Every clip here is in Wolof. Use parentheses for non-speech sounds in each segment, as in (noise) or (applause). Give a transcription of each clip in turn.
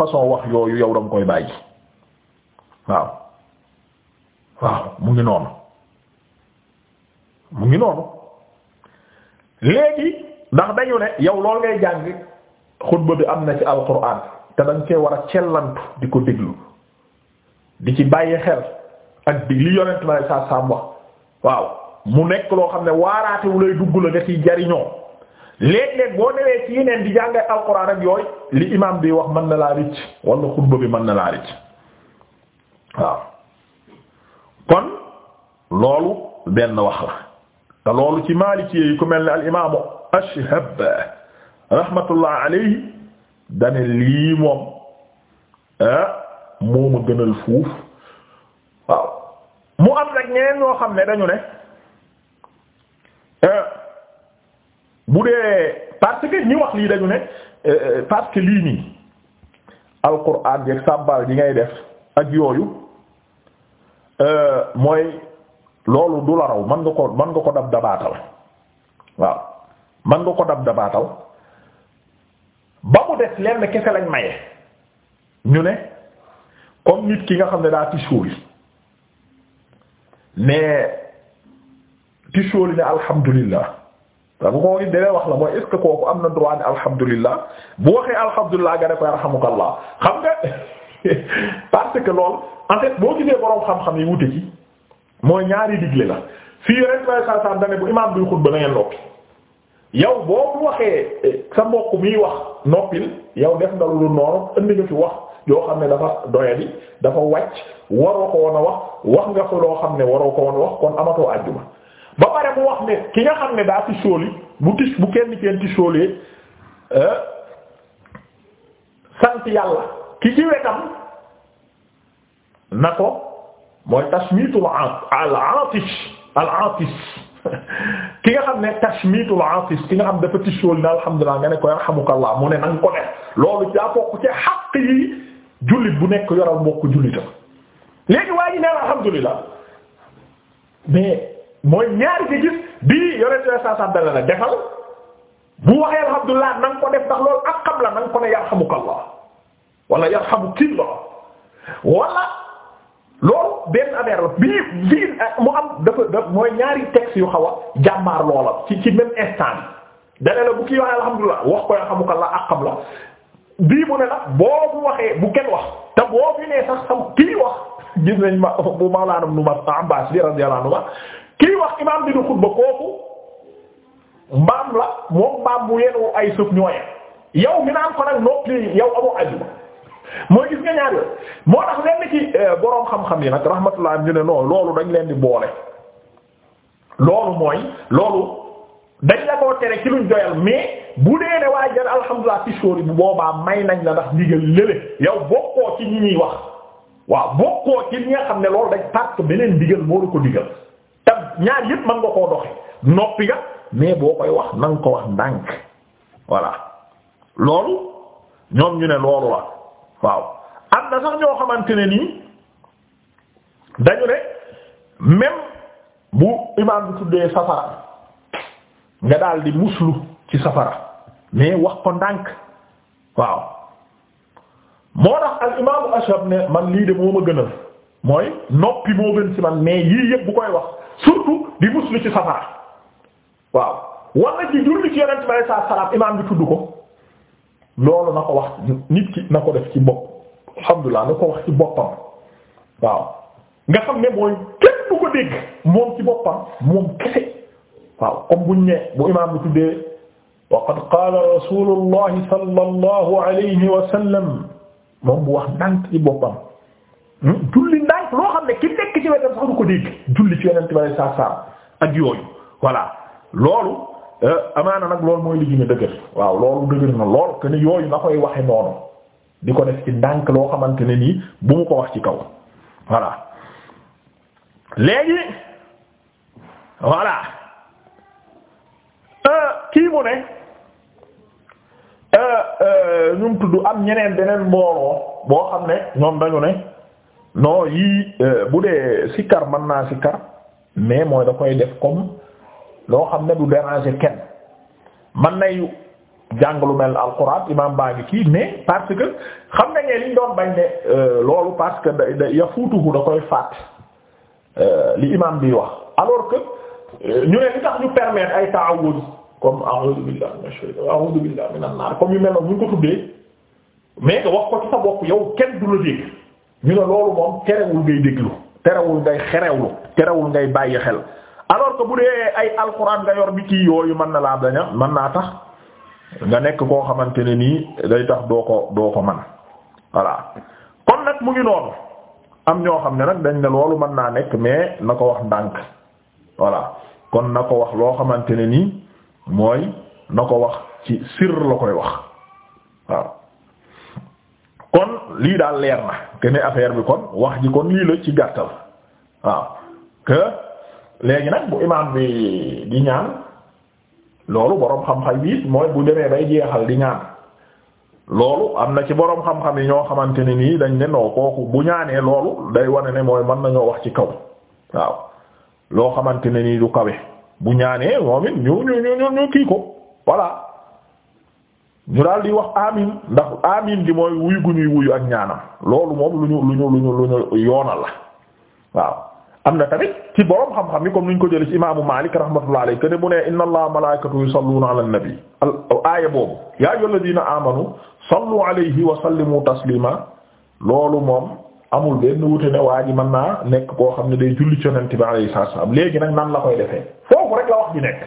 façon wax yooyu yow danga koy bàyyi waaw waaw mu ngi noonu mu ngi noonu léegi ndax dañu ne yow lool ngay jàng xutba bi am na ci alquran te dañ koy war a cellantu di ko déglu di ci bàyyi xel ak di yonent ma saa saam wax waaw mu nekk loo xam ne waaraatewulay dugg la nga ciy jariñoo léeg-léeg boo newee ci yeneen di jàngay alxuraan ak yooyu li imam bi wax man na laa ricc wala bi mën na laa ricc kon loolu benn wax la te loolu ci Maliki yi ku mel ne al imaamu Ashhab rahmatullah alayhi dane lii moom ah mooma gënal fuuf waaw mu am nag ñeneen ñoo xam ne dañu ne ah, bu dee parce que ñi wax lii dañu ne euh, euh, parce que lii nii alquran yeeg sàbbal yi ngay def ak yooyu euh, mooy loolu du la raw mën nga ko mën nga ko dab dabaatal waaw mën nga ko dab dabaatal ba mu des lenn kese lañ maye ñu ne comme nit ki nga xam ne daa tisóoli mais tisóoli ne alhamdulillah waaw bu ko waxee beneen wax la mooy est kooku am na droit ne alhamdulilah bu waxee alhamdulilah nga ne ko yarhamukallah xam nga (laughs) parce que loolu en fait boo gisee borom xam-xam yi wute ci mooy ñaari digle la fii rek may sàr da bu imaam buy xutba na ngeen noppi. yow boo waxee sa mbokk miy wax noppil yow def nga lu noonu indi nga fi wax yoo xam ne dafa doyadi dafa wàcc waroo ko woon a wax wax nga fa loo xam ne waroo ko woon a wax kon amatoo àjjuma. ba pare mu wax ne ki nga xam ne daa ci bu tis bu kenn kenn ci sóolee euh, sant yàlla ki ci wetam na ko mooy tashmiitul al atish al atish (laughs) ki nga xam ne tashmiitul atish ki nga xam dafa ci sóoli na alhamdulilah nga ne ko yarhamukallah mu ne na nga ko def loolu daa bokk ci xaq yi jullit bu nekk yoral mbokk jullitam léegi waa ji ne mais. mooy ñaari ci gis bii yonent bi saa saa dana la defal bu waxee alhamdulilah na nga ko def ndax loolu ak xam la na nga ko ne yarhamukallah wala yarhamukillah wala loolu benn affaire la bii mu am dafa da mooy ñaari texte yu xaw a jàmmaar loola ci ci même instant bi dana la bu kii waxee alhamdulilah wax ko yarhamukallah ak xam la bii mu ne la boo bu waxee bu kenn wax te boo fi nee sax xam kii wax gis nañ ma bu Mawlaana Ibn Abbas bi radiyallahu anhu kii wax imaam bi xutba kooku mbaam la moom mbaam bu yenu ay suuf ñooyee yow mi naan ko nag noppi yow amoo ajuma mooy gis nga ñaar yooyu moo tax lenn ci eh, boroom xam-xam yi nag rahmatullah ñu ne non loolu dañ leen di boole loolu mooy loolu dañ la koo tere ci luñ doyal mais bu dee ne waa jar alhamdulilah ci sóor boobaa may nañ la ndax ndigal lële yow bokkoo ci ñi ñuy wax waaw bokkoo ci ñi nga xam ne loolu dañ parce que beneen ndigal moo la ñaar yëpp mën nga koo doxe noppi nga mais boo koy wax na ko wax ndànk voilà loolu ñoom ñu ne loolu la waaw am na sax ñoo xamante ne nii dañu ne même bu imaam bu tuddee safara nga daal di muslu ci safara mais wax ko ndànk waaw moo tax al imaamu ashab ne man lii de moo ma gënal mooy noppi moo gën ci man mais yii yëpp bu koy wax surtout di muslu safara waaw wala ci julli ci yonent bi saa salaam imaam bi tudd ko loolu na ko wax nit na ko def ci bopp alhamdulilah na ko wax ci boppam waaw nga xam ne mooy kenn du ko dégg moom ci boppam moom kese waaw comme buñ bu imaam bi tuddee wa qad qaala rasulullahi sallallahu alayhi wa moom bu wax ndànk ci boppam hmm? def loo xam ne ki nekk ci wetam sax du ko dégg julli ci yonent ba saa ak yooyu voilà loolu euh, amaana nag loolu mooy liggéey dëgër waaw loolu dëgër na lool que ne yooyu nga koy waxe noonu di ko def ci ndànk loo xamante ne nii bu mu ko wax ci kaw voilà léegi voilà euh, kii mu ne euh, ñu mu tudd am ñeneen beneen mbooloo boo xam ne ñoom dañu ne. non yii euh, bu dee sikkar man naa sikkar mais mooy da koy def comme loo xam ne du déranger kenn man nay jàng lu mel alxuraan imaam baa ngi kii mais parce que xam nga ne liñ doon bañ ne euh, loolu parce que da ya fuutuhu da koy faat euh, li imaam bi wax alors que ñu ne li tax ñu permettre ay ta'awud comme a'udhu billahi minash shaytan comme yu mel noonu ko tuddee mais nga wax ko ci sa bopp yow kenn du la dégg ñu ne loolu moom terewul ngay déglu terewul ngay xerewlu terewul ngay bàyyi xel alors que bu dee ay alxuraan nga yor bi kii yooyu mën na laa daña mën naa tax nga nekk koo xamante ne nii day tax doo ko doo ko man voilà kon nag mu ngi noonu am ñoo xam ne nag dañ ne loolu mën naa nekk mais na ko wax ndànk voilà kon na ko wax loo xamante ne nii mooy na ko wax ci sir la koy wax waaw lii daal leer na que affaire bi kon wax ji kon lii la ci gàttal waaw que léegi nag bu imaam bi di ñaan loolu boroom xam-xam yi mooy bu demee bay jeexal di ñaan loolu am na ci boroom xam-xam yi ñoo xamante ne nii dañ ne noo kooku bu ñaanee loolu day wane ne mooy mën nañoo wax ci kaw waaw loo xamante ne nii du kawe bu ñaanee moom it ñu ñu ñu ñu kii ko voilà. ñu daal di wax amin ndax amin gi mooy wuyu gu wuyu ak ñaanam loolu moom lu ñu lu ñu lu ñu lu ñu yoonal la waaw am na tamit ci borom xam-xam yi comme ni ñu ko jëlee ci imaamu Maalik rahmatullahi alayhi ne bu nee inna allaha malaa'ikatahu yusalluuna ala nabi al aaya boobu yaa ayyuhalladiina aamanu sallu loolu moom amul benn wute ne waa ji mën naa nekk koo xam ne day julli ci yonent bi alayhi salaam léegi nag nan la koy defee foofu rek la wax ji nekk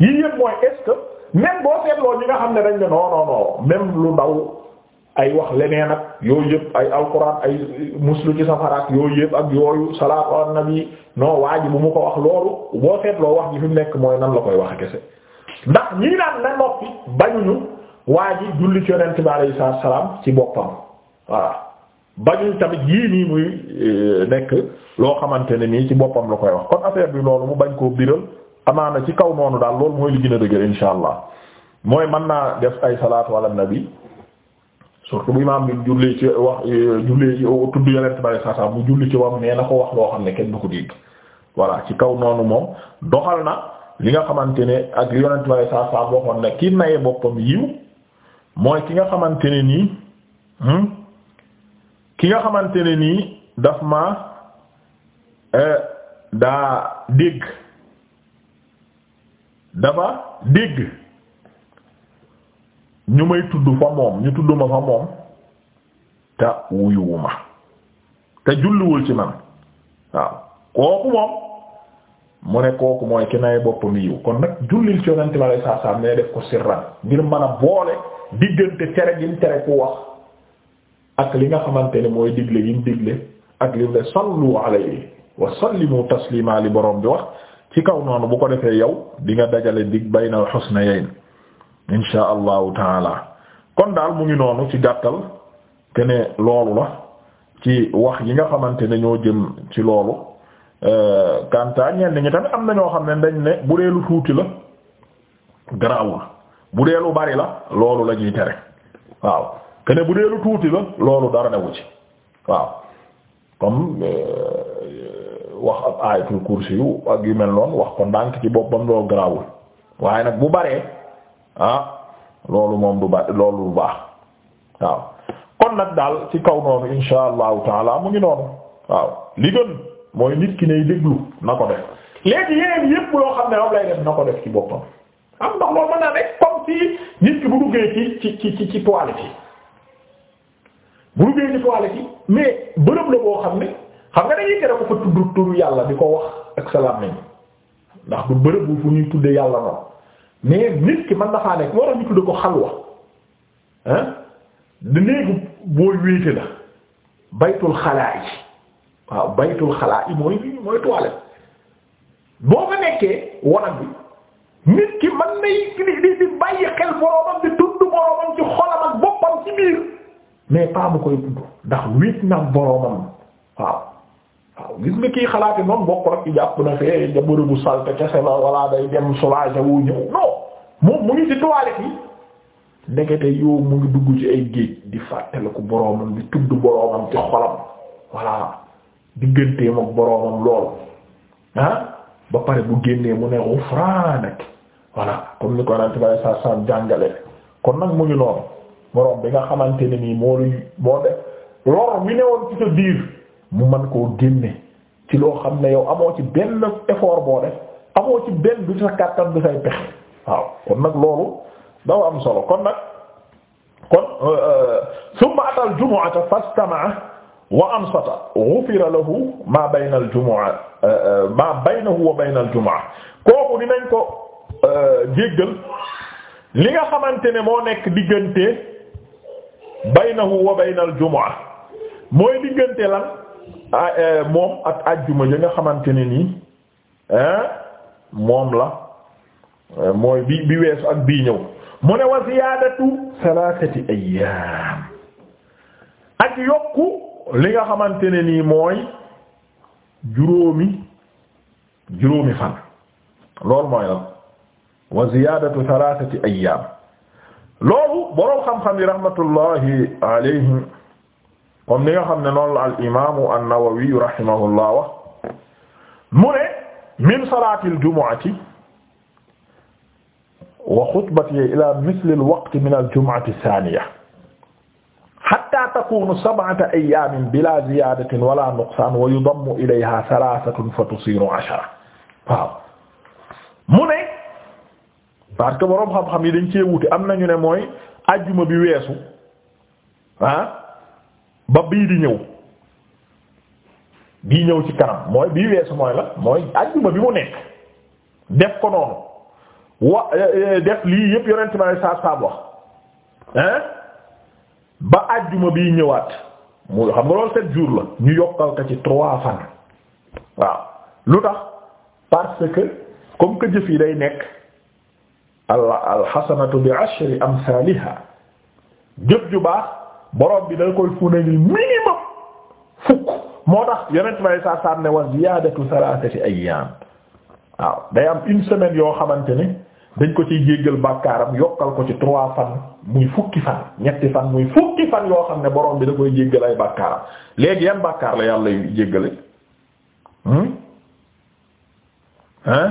yii yëpp mooy est même boo seetloo ñi nga xam ne dañ ne non non lu daw ay wax leneen ak yooyu yëpp ay alquran ay muslu ci safaraat yooyu yëpp ak yooyu salaatu ala nabi non waa ji bu mu ko wax loolu boo seetloo wax nekk mooy nan la koy waxe kese ndax ñii naan na noppi bañuñu waa ji julli ci yonent bi alayhi salaam ci boppam voilà bañuñ tamit yii nii muy eh, nekk loo xamante ne nii ci boppam la koy wax kon affaire bi loolu mu bañ koo biral amaana ci kaw noonu daal loolu mooy li gën a dëgër insha allah mooy man naa def ay salaatu ala na surtout bu imaam bi julli ci wax julli tudd yonent bari saa bu julli ci wam nee na ko wax loo xam ne kenn du ko dégg voilà ci kaw noonu moom doxal na li nga xamante ne ak li yonent bari saa saa waxoon ne ki naye boppam yiw mooy ki nga xamante ne nii hmm? ki nga xamante ne nii daf ma eh, daa dégg dafa dégg ñu may tudd fa moom ñu tudd ma fa moom te wuyuwuma te julliwul ci man waaw kooku moom mu ne kooku mooy ki nay boppam yiw kon nag jullil ci yonent bi alay saa salaam ne def ko sirran ngir mën a boole diggante tere gi mu tere ku wax ak li nga xamante ne mooy digle gi mu digle ak li mu ne sallu alayhi wa sallimu borom bi wax ci kaw noonu bu ko defee yow di nga dajale dig baynal husnayayn insha allahu taala kon daal mu ngi noonu ci gàttal te loolu la ci wax yi nga xamante ne ñoo jëm ci loolu euh, kanta ñenn ñi tamit am na ñoo xam ne dañ ne bu dee lu tuuti la garaawul bu dee lu bari la loolu la ñuy tere waaw te bu dee lu tuuti la loolu dara newu ci waaw comme euh, wax ab ayatul kursi yu ak yu mel noonu wax ko ndànk ci boppam loolu garaawul waaye nag bu baree ah loolu moom du ba loolu du baax waaw kon nag daal ci kaw noonu insha allahu taala mu ngi noonu waaw li gën mooy nit ki nay déglu na ko def léegi yeneen yépp loo xam ne moom lay def na ko def ci boppam am ndax loolu mën naa nekk comme si nit ki bu duggee ci ci ci ci toilette yi bu duggee ci toilette yi mais bërëb la boo xam ne. xam nga dañuy tere bu ko tudd turu yàlla di ko wax ak salaam nañ ndax du bërëb bu fu ñuy tuddee yàlla noonu mais nit ki mën na faa nekk moo tax nit ki man nay di di bàyyi xel boroomam di tudd boroomam ci xolam ak boppam ci biir mais pas koy tudd ndax wéet na boroomam waaw waaw gis nga kii xalaati noonu bokk rek ci jàpp na fee jabaru bu salte kese la wala mu ngi ci toilette yi ndekete yow mu ngi dugg ci ay géej di fàttaliku boroomam di tudd boroomam ci xolam voilà digganteem ak boroomam lool ah ba pare bu génnee mu ne ghufranak voilà comme ni ko kon nag mu ngi noonu boroom bi nga xamante ne nii moo lu moo de lor mi ne woon ci sa biir. mu mën koo génne ci loo xam ne yow amoo ci benn effort boo def amoo ci benn du sa kàttan du say pexe waaw kon nag loolu daw am solo kon nag kon euh, euh, summa ata al jumu'ata fastama'a wa ansata ghufira lahu ma bayna al jumu'a euh, ma baynahu wa bayna al jumu'a kooku dinañ ko jéggal li nga xamante ne moo nekk diggante baynahu wa bayna al jumu'a mooy diggante lan Ah, eh, moom ak ajjuma ja nga xamante ni nii eh, moom la eh, mooy bi bi weesu ak bii ñëw mu ne wa ziyaadatu salaasati ayyaam ak yokku li nga xamante ne nii mooy juróomi juróomi fan loolu mooy la wa ziyaadatu salaasati ayyaam loolu boroom xam-xam yi rahmatullahi comme ni nga xam ne noonu la al imaamu an-Nawawi rahimahullah wax mu ne min salaatil jumu'ati wa xutbati ila misli al-waqti min al-jumu'ati ath-thaniya hatta takunu sab'ata ayyamin bila ziyadatin wala nuqsan wa yudammu ilayha thalathatun fatusiru 'ashara waaw mu ne parce que boroom xam-xam yi dañ cee wuute am nañu ne mooy ajjuma bi weesu ah ba bii di ñëw bii ñëw ci kanam mooy bii weesu mooy la mooy ajjuma bi mu nekk def ko noonu wa eh, eh, def lii yépp yonent ma ne saab saab wax hein ba àjjuma bii ñëwaat mu xam nga loolu sept jours la ñu yokkal ko ci trois fan waaw lu tax parce que comme que jëf yi day nekk al alxasanatu bi ashri amsaaliha jëf ju baax borom bi da koy funéeli minimum fukk moo tax yonent bi alayhi salaam ne wa ziyaadatu salaasati ayyaam waaw day am une semaine yoo xamante ne dañ ko ciy jéggal bàkkaaram yokkal ko ci trois fan muy fukki fan ñetti fan muy fukki fan yoo xam ne borom bi da koy jéggal ay bàkkaaram léegi yan bàkkaar la yàlla yu jéggale hmm? hein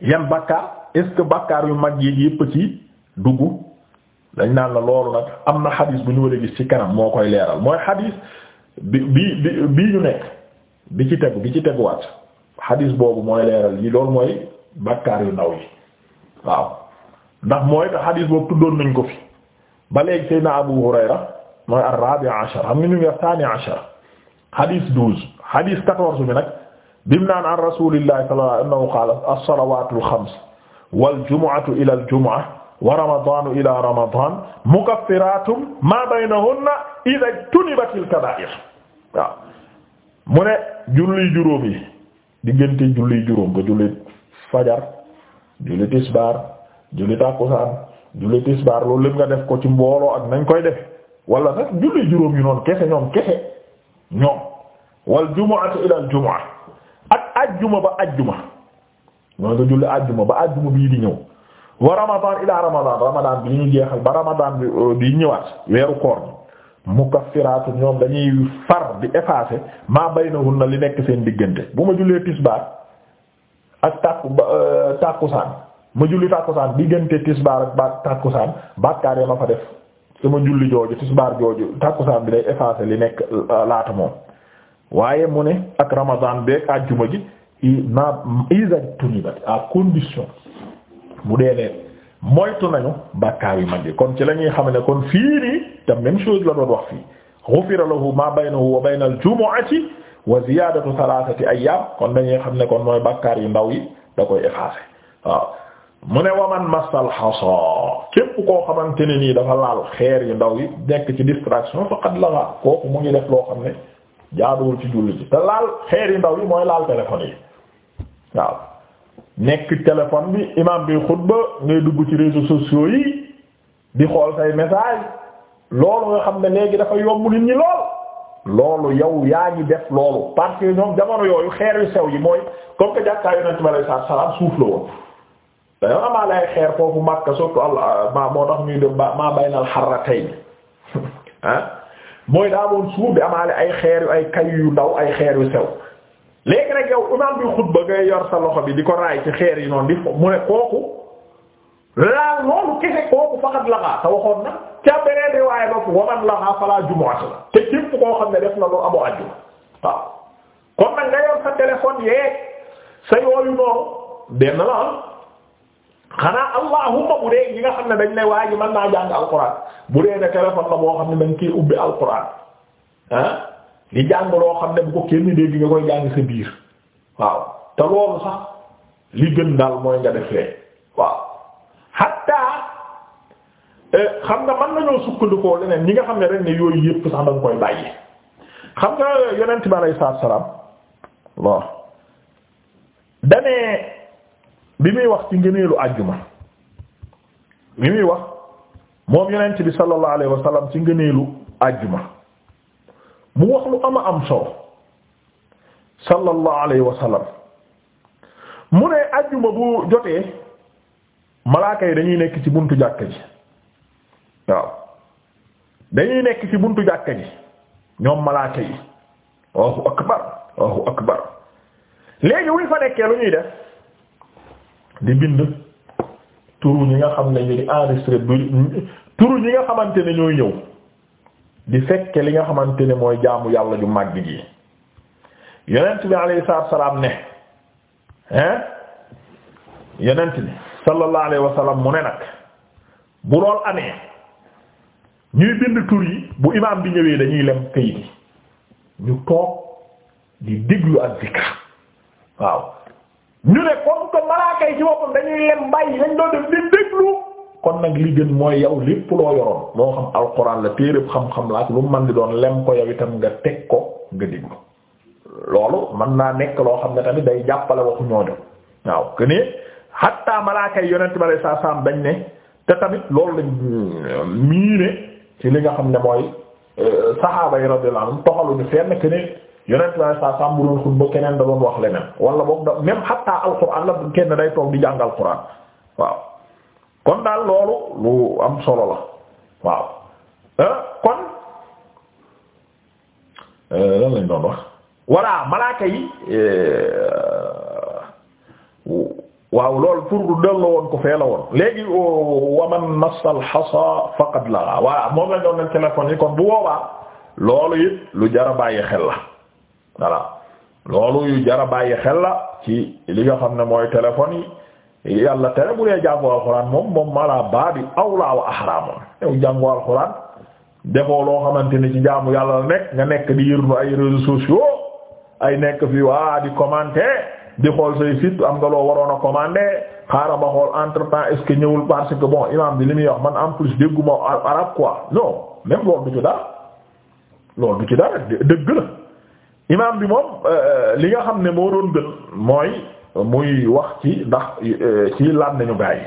yan bàkkaar est bàkkaar yu mag yi yépp ci dugg dañ naan la loolu nag am na xadis bu ñu war a gis ci kanam moo koy leeral mooy xadis bi bi bii ñu nekk bi ci tegu bi ci teguwaat xadis boobu mooy leeral yi loolu mooy bakkaar yu ndaw yi waaw ndax mooy te xadis boobu tuddoon nañ ko fi ba léegi Seydina Abu Hurayra mooy ar-rabi' ashar xam nga ñu ngi thani ashar xadis douze xadis quatorze bi nag bim naan an rasulillahi sallallahu alayhi wa sallam qaala as-salawaatu al-xams wal jumu'atu ila al-jumu'ah wa ramadanu ila ramadan mukaffiratun ma baynahunna idha tunibatil kaba'ir waaw mu ne julli juróom yi diggante julli juróom ba julli fajar julli tisbaar julli tàkkusaan julli tisbaar loolu lépp nga def ko ci mbooloo ak nañ koy def wala sax julli juróom yi noonu kese ñoom kese ñoom wal jumu'atu ila al ak ajjuma ba ajjuma mooy nga julli ajjuma ba ajjuma bii di ñëw wa ramadan ila ramadan ramadan bi ñu jeexal ba ramadan bi di euh, ñëwaat weeru koor mukaffiraatu ñoom dañuy far di effacer maa na li nekk seen diggante bu ma jullee tisbaar ak tàkku euh, tàkkusaan ma julli tàkkusaan diggante tisbaar ak ba tàkkusaan bàkkaar ya ma fa def ma julli jooju tisbaar jooju tàkkusaan bi day effacer li nekk euh, laata moom waaye mu ne ak ramadan beeg àjjuma ji ma isaj tunibat à condition mu dee ne moytu nañu bàkkaar yu mag yi kon ci la ñuy xam ne kon fii nii te même chose la doon wax fii ghufira lahu ma baynahu wa bayna al-jumu'ati wa ziyadatu thalathati ayyam kon dañuy xam ne kon mooy bàkkaar yu ndaw yi da koy effacer waaw mu ne waman masal xasa képp koo xamante ne nii dafa laal xeer yu ndaw yi nekk ci distraction faqad laga kooku mu ngi def loo xam ne jaaduwul ci julli ci te laal xeer yu ndaw yi mooy laal téléphone yi waaw nekk téléphone bi imam bi xutba ngay dugg ci réseaux sociaux yi di xool say message loolu nga xam ne léegi dafa yomb nit ñi lool loolu yow yaa ngi def loolu parce que ñoom jamono yooyu xeer yu sew yi mooy comme que jàkkaay yonent salaam suuf la woon dañoo amaale ay xeer foofu Makka surtout al ma moo tax ñuy dem ba maa baynal harratayn ah (laughs) mooy daa suuf bi amaale ay xeer yu ay kay yu ndaw ay xeer yu sew léegi nag yow imaam bi xutba ngay yor sa loxo bi di ko raay ci xeer yi noonu di mu ne kooku laal loolu kese kooku faqat laxaa te waxoon na ca beneen di waaye ba waman laxaa falaa jumu'at la te képp koo xam ne def na lu abu àjjuma kon nag nga yor sa téléphone yeeg sa yooyu noonu benn la xanaa allahumma bu dee ñi nga xam ne dañ ne waa ji mën naa jàng alquran bu dee ne téléphone la boo xam ne dañ ciy ubbi alquran ah di jàng loo xam ne bu ko kenn dégg nga koy jàng sa biir waaw te loolu sax li gën daal mooy nga def waaw hatta eh, xam nga mën nañoo sukkandikoo leneen ñi nga xam ne rek ne yooyu yépp sax danga koy bàyyi xam nga yonent bi alayhi salaatu salaam waaw danee bi muy wax ci ngëneelu àjjuma bi muy wax moom yonent bi sallallahu alayhi wa ci ngëneelu àjjuma mu wax lu ama am solo sallallahu alayhi wa sallam mu ne ajjuma bu jotee malaaka yi dañuy nekk ci buntu jàkka ji waaw dañuy nekk ci buntu jàkka ji ñoom malaaka yi Allahu akbar Allahu akbar léegi wuñ fa nekkee lu ñuy def di bind turu ñi nga xam ne ñu di enregistré turu ñi nga xamante ne ñooy ñëw di fekke li nga xamante ne mooy jaamu yàlla ju màgg ji yonent bi alayhi salaatu salaam ne hein yonent bi sallallahu alayhi wa mu ne nag bu lool amee ñuy bind tur yi bu imaam bi ñëwee dañuy lem këyit yi ñu toog di déglu ak zikr waaw ñu ne comme que malaaka yi ci boppam dañuy lem bàyyi lañ doon di déglu kon nag li gën mooy yow lépp loo yoroon moo xam alxuraan la téeréb xam-xam la ak lu man di doon lem ko yow itam nga teg ko nga déglu loolu mën naa nekk loo xam ne tamit day jàppale waxu ñooñu waaw que ni xatta malaaka yi yonent bi saa dañ ne te tamit loolu lañ euh, miine ci li nga xam ne mooy euh, saxaaba yi radiyallahu anhum toxaluñu fenn que ne yonent bi saa saam bu doon xutba keneen da doon wax leneen wala boog da même xatta alxuraan la kenn day toog di jàng alxuraan waaw. kon daal loolu lu am solo la waaw eh, kon eh, lan lañ doon wax voilà malaaka yi eh, waaw loolu pour del la woon ko fee la woon léegi oh, waman nassal xasa faqad la waaw moom lañ doon nañ téléphone yi kon bu boobaa loolu it lu jara bàyyi xel la voilà loolu yu jara bàyyi xel la ci li nga xam ne mooy téléphone yi yàlla tere bu dee jàngu alxuraan moom moom mala baabi awlaa wa axraamoon yow jàngu alxuraan defoo loo xamante ni ci jaamu yàlla la nekk nga nekk di yërlu ay réseaux sociaux ay nekk fi waa di commenter di xool say site am nga loo waroon a commander xaaral ma xool entre temps est ñëwul parce que bon imam bi li muy wax man en plus dégguma arabe quoi non même loolu du ci dara loolu du ci dara dëgg la imam bi moom euh, euh, li nga xam ne moo doon gën mooy. muy wax ci ndax euh, ci làmmeñu gaa yi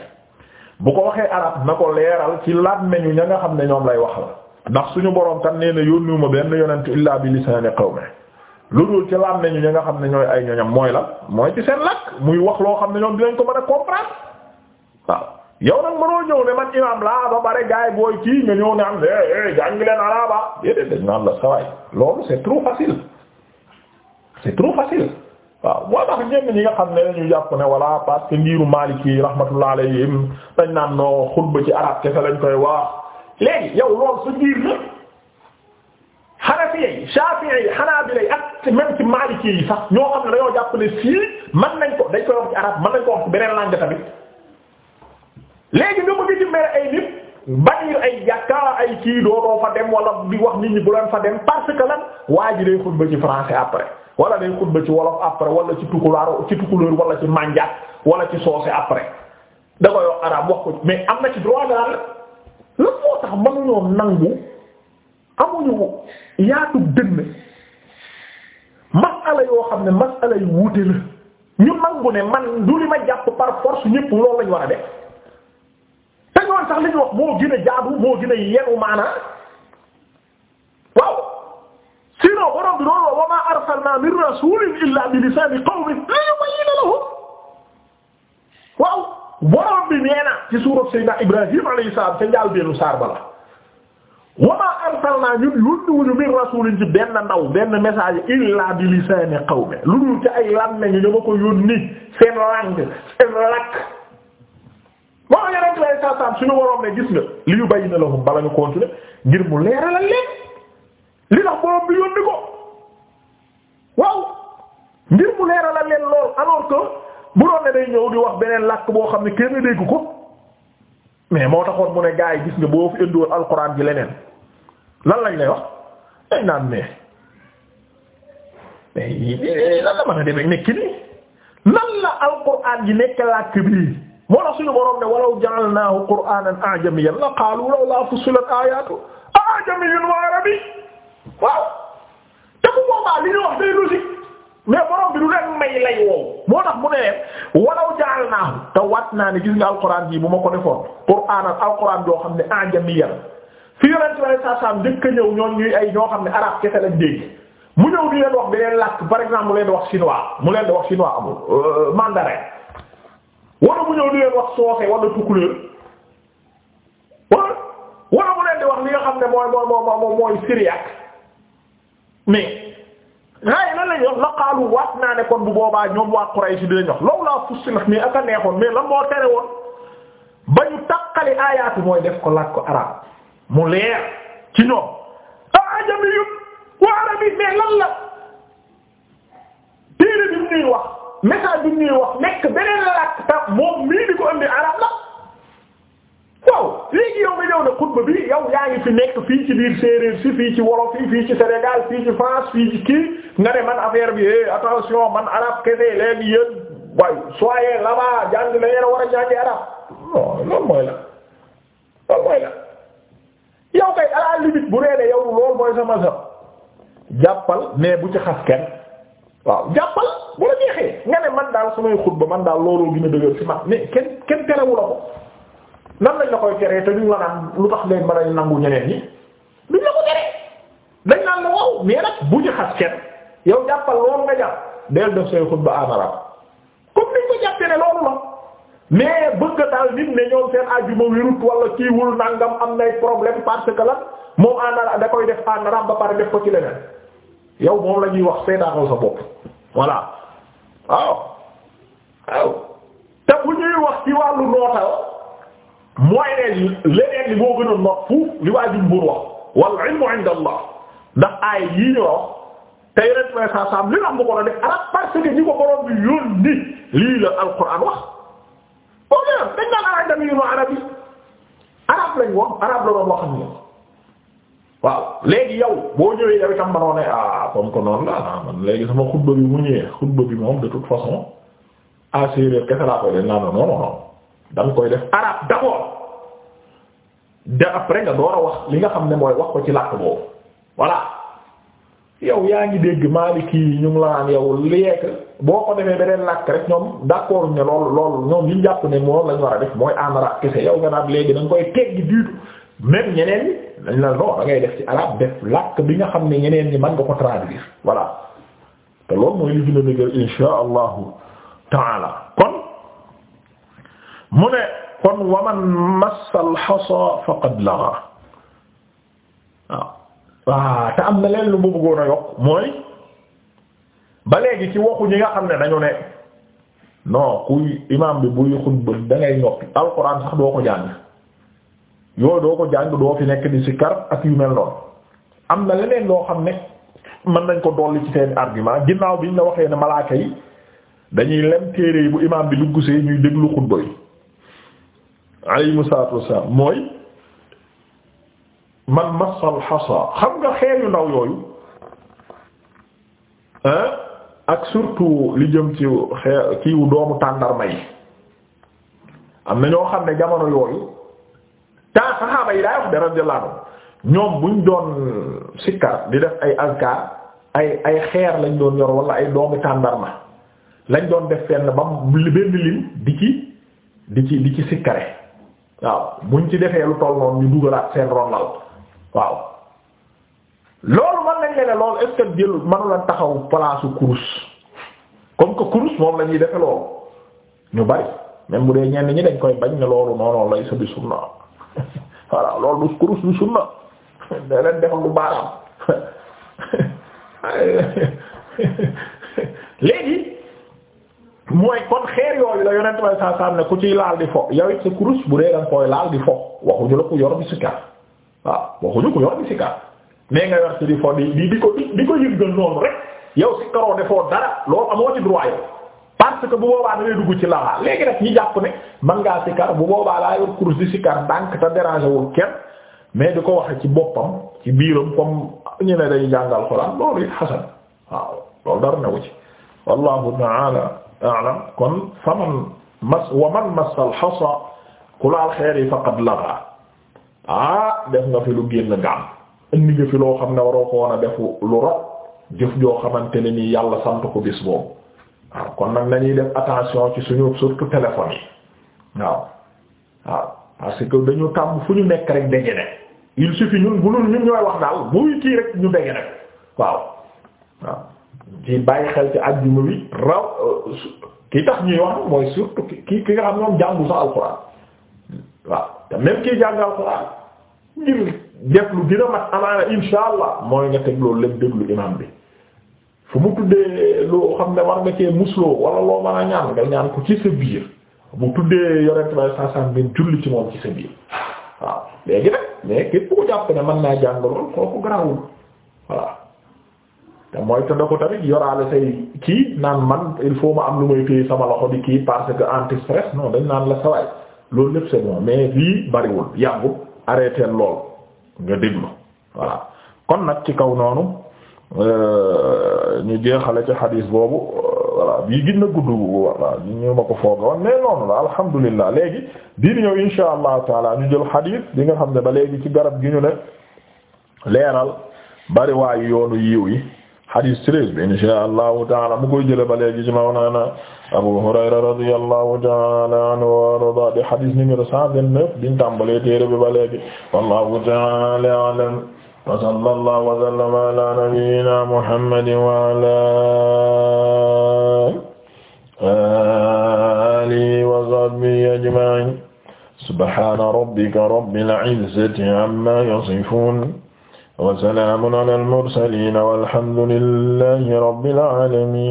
bu ko waxee arab na ko leeral ci laat làmmeñu ña nga xam ne ñoom lay wax la ndax suñu boroom kan nee na yónniwuma benn yonent illaa bi ne qawmi lu dul ci nañu ña nga xam ne ñooy ay ñoñam mooy la mooy ci seen làkk muy wax loo xam ne ñoom dinañ ko mën a comprendre waaw yow nag mënoo ñëw ne man imam laa ba bare gaay booy kii nga ñëw ne am eh eh jàngi leen araba déedéet dañ naan la sawaay loolu c'est trop waaw moo tax ñenn ñi nga xam ne dañu jàpp ne voilà parce que ngiru Maliki alayhim dañ naan noo xutba ci arab kese lañ koy wax léegi yow lool su ngir la Hanafi yi Shafi'i yi Hanabila yi ak même ci yi sax ñoo xam ne dañoo jàpp ne fii mën nañ ko dañ ko wax ci arab mën nañ ko wax ci beneen langue tamit léegi nga bëgg di mere ay bannir ay jàkka ay kii doodoo fa dem wala di wax nit ñi bu leen fa dem parce que lan waa ji xutba ci français après wala day xutba ci wolof après wala ci tukulaar ci tukulóor wala ci manjaat wala ci soose après da koy wax arabe wax ko mais am na ci droit daal la moo tax mënuñoo nangu amuñu yaatu dënn masala yoo xam ne masala yu wuute la ñu nangu ne man du li ma jàpp par force ñépp loolu lañu war a def ñoon sax li ñu wax waaw sinon borom wa maa arsalnaa min rasuulin illaa bi lisaani qawmihi li yubayyina lahum waaw borom bi nee na ci suurat Seydina Ibrahim alayhi salaam te beenu saar bala wa maa arsalnaa ñun yónniwuñu min rasuulin ci benn ndaw benn message illaa bi lisaani qawmihi lu dul ay lan nañu ñoo ma ko yónni seen langue yeneen saa suñu waroom ne gis nga li yu bàyyi na bala nga continuer ngir mu leeralal leen li tax borom bi yónni ko waaw ngir mu leeralal leen lool alors que bu doon ne day ñëw di wax beneen làkk boo xam ne kenn dégg ko mais moo taxoon mu ne gaa yi gis nga boo fi indiwoon alxuraan ji leneen lal lañ lay wax day naan mais mais lan la alxuraan ji nekk làkk bii. moo la suñu borom ne walaw ja'alnaahu qur'aanan ajamiyyan la qaalu lawlaa fussilat aayaatuhu ajamiyyun wa arabiy waaw te bu boobaa li ñu wax day logique mais borom bi du leen may lay wow moo tax mu ne leen walaw ja'alnaahu te waat naa ne gis nga alquran bii bu ma ko defoon qur'aanan alquran yoo xam ne ajamiyyan fi yonent bi saa saa njëkk a ñëw ñoom ñuy ay ñoo xam ne arab kese lañ mu ñëw di leen wax beneen làkk par exemple mu leen di wax chinois mu leen di wax chinois euh, wala mu ñëw di leen wax soose wala tukulóor wala wala mu leen di wax li nga xam ne mooy mooy mooy mooy syriaque mais gaa yi lan lañ waat naa ne kon bu boobaa ñoom waa Quraysh dinañ wax loolu laa fussi na mais ak a neexoon mais lan moo tere woon ba ñu takkali aayaatu mooy def ko laaj ko araab mu leer ci ñoom a ajami yu waa arabi mais lan la téere bi ñuy wax message bi ñuy wax beneen làkk ta moom mii di ko indi arab la waaw léegi yow nga ñëw ne xutba bi yow yaa ngi fi nekk fii ci biir séeréer si fii ci wolof fii fii ci Sénégal fii ci France fii ci kii nga ne man affaire bi eh attention man arab kese léegi yéen waaye soyez là-bas jàng la yéen a war arab non loolu mooy la loolu mooy la yow kay à la limite bu reene yow loolu mooy sama sax bu ci xas kenn waaw jàppal. boo la jeexee nga ne man daal samay ba man daal looloo gën a dëgër ci man mais kenn kenn terewu la ko nan lañ la koy teree te ñu la naan lu tax ngay mën a nag ñeneen ñi duñ la nag bu ñu xas kenn yow jàppal loolu nga jàpp del def say xutba en arabe comme niñ ko jàppee ne loolu la mais bëgg daal nit ne ñoom seen ajuma wirut wala kiiwul nangam am na problème parce que la moom en da koy def en arabe ba pare def ko ci leneen yow moom la ñuy wax seetaaxal sa bopp voilà waaw waaw te bu ñuy wax ci wàllu nootal mooy ne leneen li moo gën a noot fuuf li waa jumbuur wax wal ilmu inda allah ndax aay yii ñu wax te yeneen saam li la mu ko doon def arab parce que ñi ko borom bi yónni lii la alquran wax problème dañ naan arab dami yu no arab yi arab lañ wax arab la doon wax ni waaw léegi yow boo ñëwee yow itam mënoo ne ah comme que noonu la ah, man léegi sama xutba bi mu ñëwee xutba bi moom de toute façon à séeréer kese laa koy def naa ne non non da nga koy def arabe d'abord de après nga door a wax li nga xam ne mooy wax ko ci làkk boobu voilà yow yaa ngi dégg Maliki kii ñu ngi la naan yow lekk boo ko defee beneen làkk rek ñoom d'accord ne loolu loolu ñoom ñu jàpp ne moo lañ war a def mooy en arabe kese yow nga naan léegi da koy teggi diitu. même ñeneen ñi dañ la non da def ci arab def làkk bi nga xam ne ñeneen ñi mën nga ko traduire voilà te loolu mooy li gën a dëgër insha allahu taala kon mu ne kon waman massal xasa faqad laga waa te am na leen lu mu bëggoon yokk mooy ba léegi ci waxu ñi nga xam ne dañu ne non kuy imam bi buy xutba da ngay ñokki alquran sax doo ko jàng yooyu doo ko jàng doo fi nekk di sikkar ak yu mel noonu am na leneen loo xam ne mën nañ ko dolli ci seen argument ginnaaw bi ñu la waxee ne malaaka yi dañuy lem kéere yi bu imaam bi dugg see ñuy déglu xutba yi alayhimu salaatu wassalaam mooy man masal xasa xam nga xeer yu ndaw yooyu ak surtout lu jëm ci xeer kiiwu doomu tàndarma yi am na ñoo xam ne jamono yooyu temps saxaaba yi daa wax de radiyallahu ñoom buñ doon sikkar di def ay azkar ay ay xeer lañ doon yor wala ay doomi tàndarma lañ doon def fenn ba mu benn lim di ci di ci di ci sikkare waaw buñ ci defee lu toll noonu ñu dugalaat seen ronlal waaw loolu man lañ lene loolu est jël manu la taxaw place kurus comme que kurus moom la ñuy defe loolu ñu bari même bu dee ñenn ñi dañ koy bañ ne loolu noonu lay sa bi sunna (laughs) voilà loolu du kurus du sunna ne (laughs) leen defal lu baaraam (laughs) léegi mooy kon xeer yooyu la yonent bay saa saam ne ku ciy laal di fo yow sa kurus bu dee danga koy laal di fo waxuñu la ku yor bi si kar waxuñu ku yor bi si kar nee nga si di fo di di ko di ko yëg noonu rek yow si karoo defoo dara loolu amoo ci droit yow parce que bu boobaa da ngay dugg ci laaxaar léegi nag ñu jàpp ne man ngaa sikar bu boobaa laa yor course di sikar ndànk te déranger kenn mais di ko waxe ci boppam ci biiram comme ñu ne dañu jàngal xuraan loolu it xasan waaw loolu dara newu ci wallahu ta'ala a'lam kon faman man massal xasa ku laal xeer yi faqad laga ah def nga fi lu génn gaam indi nga fi loo xam ne waroo ko woon a defu lu rot jëf joo xamante ne nii yàlla sant ko bis boobu waaw kon nag nañuy def attention ci suñu surtout téléphone yi waaw waaw parce que dañu tàmm fu ñu nekk rek dégg ne il suffit ñun bu ñun ñooy wax daal buy kii rek ñu dégg ne waaw waaw ci bàyyi xel ci àjjuma bi raw kii tax ñuy wax mooy surtout ki ki nga xam ñoom jàngu sax alxuraan waaw te même kii jàng alxuraan ngir def lu gën a mat amaana insha allah mooy nga teg loolu lépp déglu imam bi fu mu tuddee loo xam ne war nga cee musloo wala loo mën a ñaan nga ñaan ko ci sa biir bu tuddee yonent ba sasam ngeen julli ci moom ci sa biir waaw léegi nag mais képp ko jàpp ne mën naa jàng lool kooku garawul voilà te mooy te da ko tamit yoraale say kii naan man il faut ma am lu may téye sama loxo di kii parce que anti-stress non dañ naan la sawaay loolu lépp c'est bon mais lii bariwul yàggu arrêté lool nga déglu voilà kon nag ci kaw noonu Euh, ñu jeexale ci xadiis boobu euh, voilà bii na gudd voilà ñu ma ko fooga woon mais la alhamdulillah léegi bii di ñëw insha allahu taala ñu jël xadiis bi xam ne ba léegi ci garab gi ñu ne leeral bari waayu yoonu yiw yi xadiis treize bi insha allahu taala mu koy jële ba léegi ci mawlana abu hurayra radiyallahu taala anhu wa arda di xadiis numéro cent vingt-neuf biñ tàmbalee téere bi ba léegi wallahu taala alam wa sallallahu wa sallama ala nabiyyina muhammadin wa ala alihi wa sahbihi ajma'in subhana rabbika rabbil izzati amma yasifun wa salamun ala al mursalin walhamdulillahi rabbil alamin